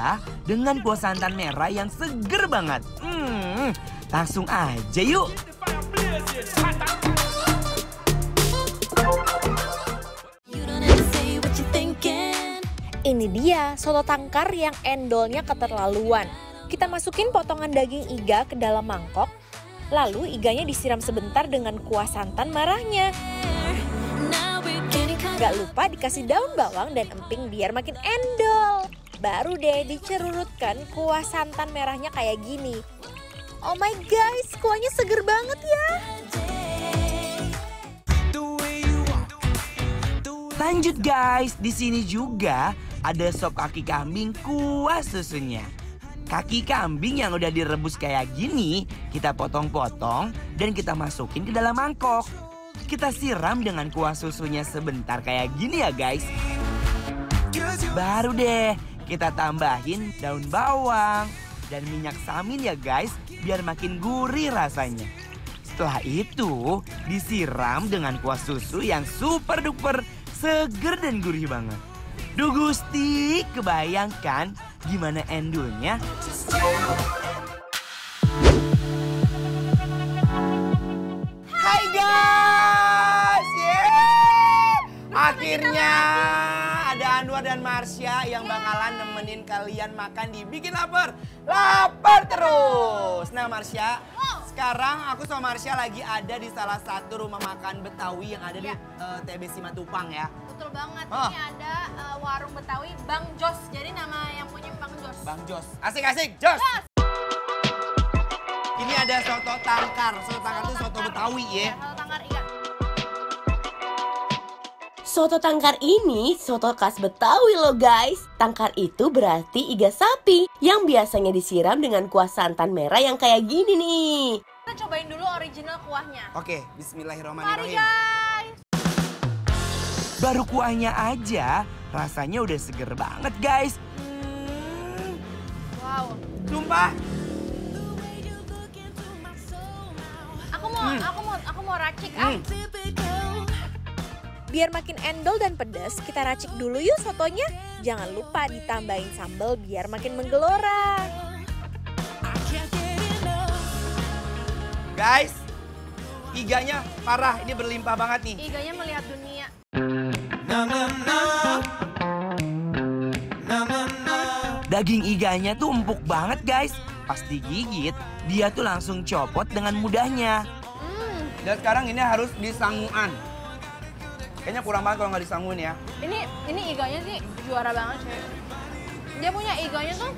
kita dengan kuah santan merah yang seger banget. Hmm, langsung aja yuk. Ini dia soto tangkar yang endolnya keterlaluan. Kita masukin potongan daging iga ke dalam mangkok, lalu iganya disiram sebentar dengan kuah santan merahnya. Gak lupa dikasih daun bawang dan emping biar makin endol baru deh dicerurutkan kuah santan merahnya kayak gini. Oh my guys, kuahnya seger banget ya. Lanjut guys, di sini juga ada sop kaki kambing kuah susunya. Kaki kambing yang udah direbus kayak gini, kita potong-potong dan kita masukin ke dalam mangkok. Kita siram dengan kuah susunya sebentar kayak gini ya guys. Baru deh, kita tambahin daun bawang dan minyak samin ya guys, biar makin gurih rasanya. Setelah itu, disiram dengan kuah susu yang super duper seger dan gurih banget. Duh Gusti, kebayangkan gimana endulnya? dan Marsha yang bakalan nemenin kalian makan di Bikin Lapar. Lapar terus. Nah Marsha, sekarang aku sama Marsha lagi ada di salah satu rumah makan Betawi yang ada ya. di uh, iya. eh, TB Simatupang ya. Betul banget. Oh. Ini ada uh, warung Betawi Bang Jos. Jadi nama yang punya Bang Jos. Bang Jos. Asik-asik, Jos. Jos. Ini ada soto tangkar. Soto tangkar soto itu soto tangkar. Betawi ya. ya Soto tangkar ini soto khas Betawi loh guys. Tangkar itu berarti iga sapi yang biasanya disiram dengan kuah santan merah yang kayak gini nih. Kita cobain dulu original kuahnya. Oke, bismillahirrahmanirrahim. Mari guys. Baru kuahnya aja, rasanya udah seger banget guys. Hmm. Wow. Sumpah. Aku mau, hmm. aku mau, aku mau racik. Hmm. Ah. Biar makin endol dan pedas, kita racik dulu yuk sotonya. Jangan lupa ditambahin sambal biar makin menggelora. Guys, iganya parah. Ini berlimpah banget nih. Iganya melihat dunia. Daging iganya tuh empuk banget guys. Pas digigit, dia tuh langsung copot dengan mudahnya. Hmm. Dan sekarang ini harus disanguan. Kayaknya kurang banget kalau nggak disanggun ya. Ini ini iganya sih juara banget sih. Dia punya iganya tuh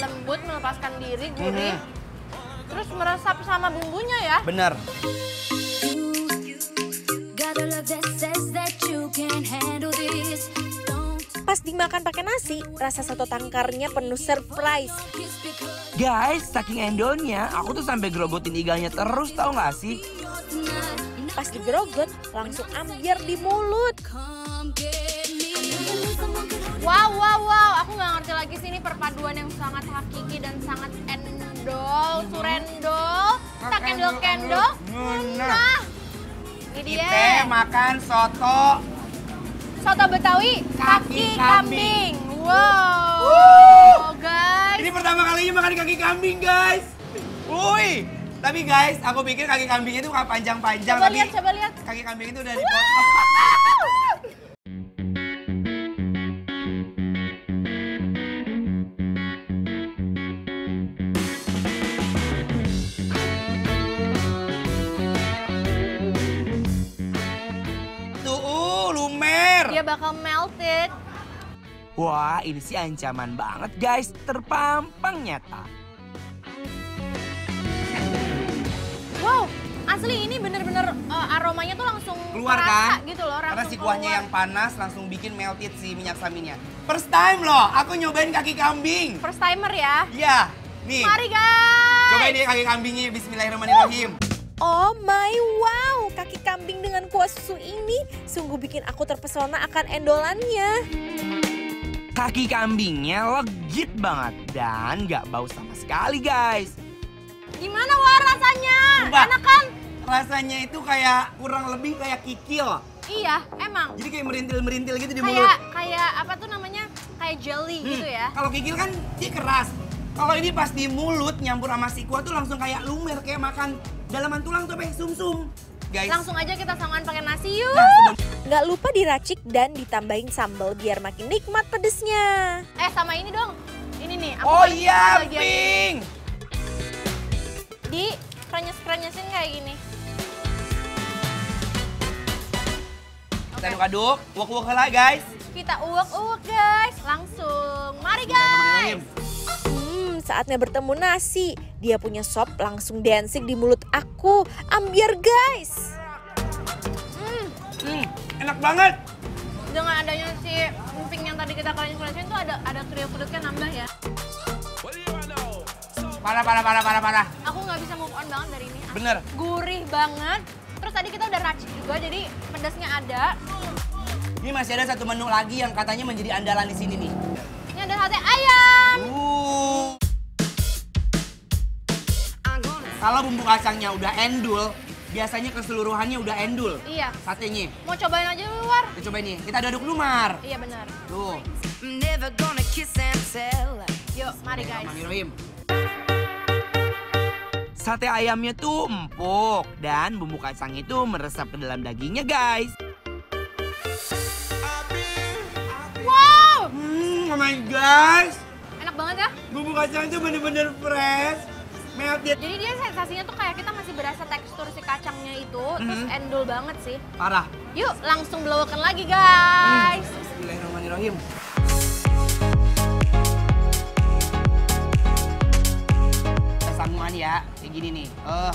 lembut, melepaskan diri, gurih. Mm -hmm. Terus meresap sama bumbunya ya. Bener. Pas dimakan pakai nasi, rasa soto tangkarnya penuh surprise. Guys, saking endonya, aku tuh sampai grogotin iganya terus tau gak sih? pas digerogot langsung ambiar di mulut. Wow, wow, wow. Aku nggak ngerti lagi sih ini perpaduan yang sangat hakiki dan sangat endol, surendol, tak endol kendol, nah. Ini dia. Kita makan soto. Soto Betawi, kaki, kambing. kambing. Wow, guys. Ini pertama kalinya makan kaki kambing, guys. Wuih. Tapi guys, aku pikir kaki kambing itu nggak panjang-panjang. Coba tapi lihat, coba lihat. Kaki kambing itu udah dipotong. Uh, dia bakal melted. Wah, ini sih ancaman banget guys, terpampang nyata. Wow, asli ini bener-bener uh, aromanya tuh langsung keluar terasa, kan? gitu loh. Karena si kuahnya keluar. yang panas langsung bikin melted si minyak saminnya. First time loh, aku nyobain kaki kambing. First timer ya? Iya, nih. Mari guys. coba ini kaki kambingnya, bismillahirrahmanirrahim. Uh. Oh my wow, kaki kambing dengan kuah susu ini sungguh bikin aku terpesona akan endolannya. Kaki kambingnya legit banget dan nggak bau sama sekali guys. Gimana Wah rasanya? Enak kan? Rasanya itu kayak kurang lebih kayak kikil. Iya, emang. Jadi kayak merintil-merintil gitu di kaya, mulut. Kayak apa tuh namanya? Kayak jelly hmm. gitu ya. Kalau kikil kan dia keras. Kalau ini pas di mulut nyampur sama si kuah tuh langsung kayak lumer kayak makan dalaman tulang tuh sum sumsum. Guys. Langsung aja kita sangan pakai nasi yuk. Nah, Nggak lupa diracik dan ditambahin sambal biar makin nikmat pedesnya. Eh sama ini dong. Ini nih. Aku oh iya, pink di krenyes-krenyesin kayak gini. Kita aduk-aduk, uak-uak lah guys. Kita uak-uak guys, langsung. Mari guys! Hmm, saatnya bertemu nasi. Dia punya sop langsung dancing di mulut aku. Ambiar guys! Hmm. hmm, enak banget! Dengan adanya si emping yang tadi kita krenyes-krenyesin tuh ada, ada kriuk-kriuknya nambah ya. Parah, parah, parah, parah, parah. Bener. Gurih banget. Terus tadi kita udah racik juga, jadi pedasnya ada. Ini masih ada satu menu lagi yang katanya menjadi andalan di sini nih. Ini ada sate ayam. Uh. Kalau bumbu kacangnya udah endul, biasanya keseluruhannya udah endul. Iya. Satenya. Mau cobain aja di luar. Kita cobain nih. Kita aduk dulu, Mar. Iya, benar. Tuh. Yuk, mari guys. Sate ayamnya tuh empuk dan bumbu kacang itu meresap ke dalam dagingnya guys. Wow! Hmm, oh my gosh! Enak banget ya? Bumbu kacang itu bener-bener fresh. Melted. Jadi dia sensasinya tuh kayak kita masih berasa tekstur si kacangnya itu, mm-hmm. terus endul banget sih. Parah. Yuk, langsung blowokan lagi guys. Hmm. Bismillahirrahmanirrahim. ya, kayak gini nih. Uh.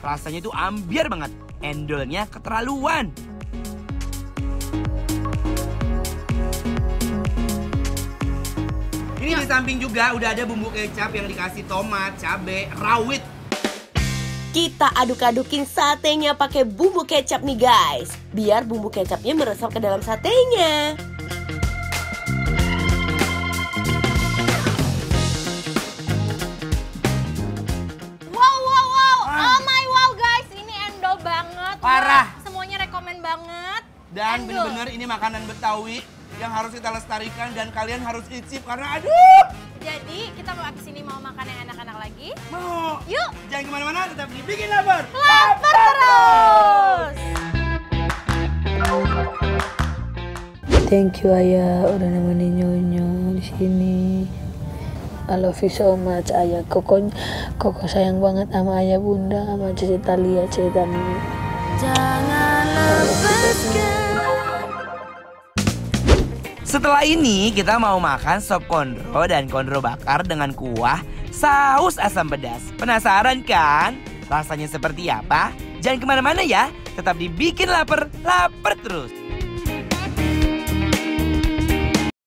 Rasanya itu ambiar banget, endolnya keterlaluan. Ini di samping juga udah ada bumbu kecap yang dikasih tomat, cabe rawit, kita aduk-adukin satenya pakai bumbu kecap nih guys. Biar bumbu kecapnya meresap ke dalam satenya. Wow, wow, wow. Ah. Oh my wow guys. Ini endol banget. Parah. Wow. Semuanya rekomen banget. Dan bener-bener ini makanan Betawi yang harus kita lestarikan dan kalian harus icip karena aduh jadi kita mau kesini mau makan yang enak-enak lagi? Mau. Yuk. Jangan kemana-mana, tetap dibikin lapar. Lapar terus. Thank you Ayah udah nemenin Nyonya di sini. I love you so much Ayah. Koko, Koko sayang banget sama Ayah Bunda, sama cerita Lia, cerita Jangan lepaskan. Setelah ini kita mau makan sop kondro dan kondro bakar dengan kuah saus asam pedas. Penasaran kan? Rasanya seperti apa? Jangan kemana-mana ya, tetap dibikin lapar, lapar terus.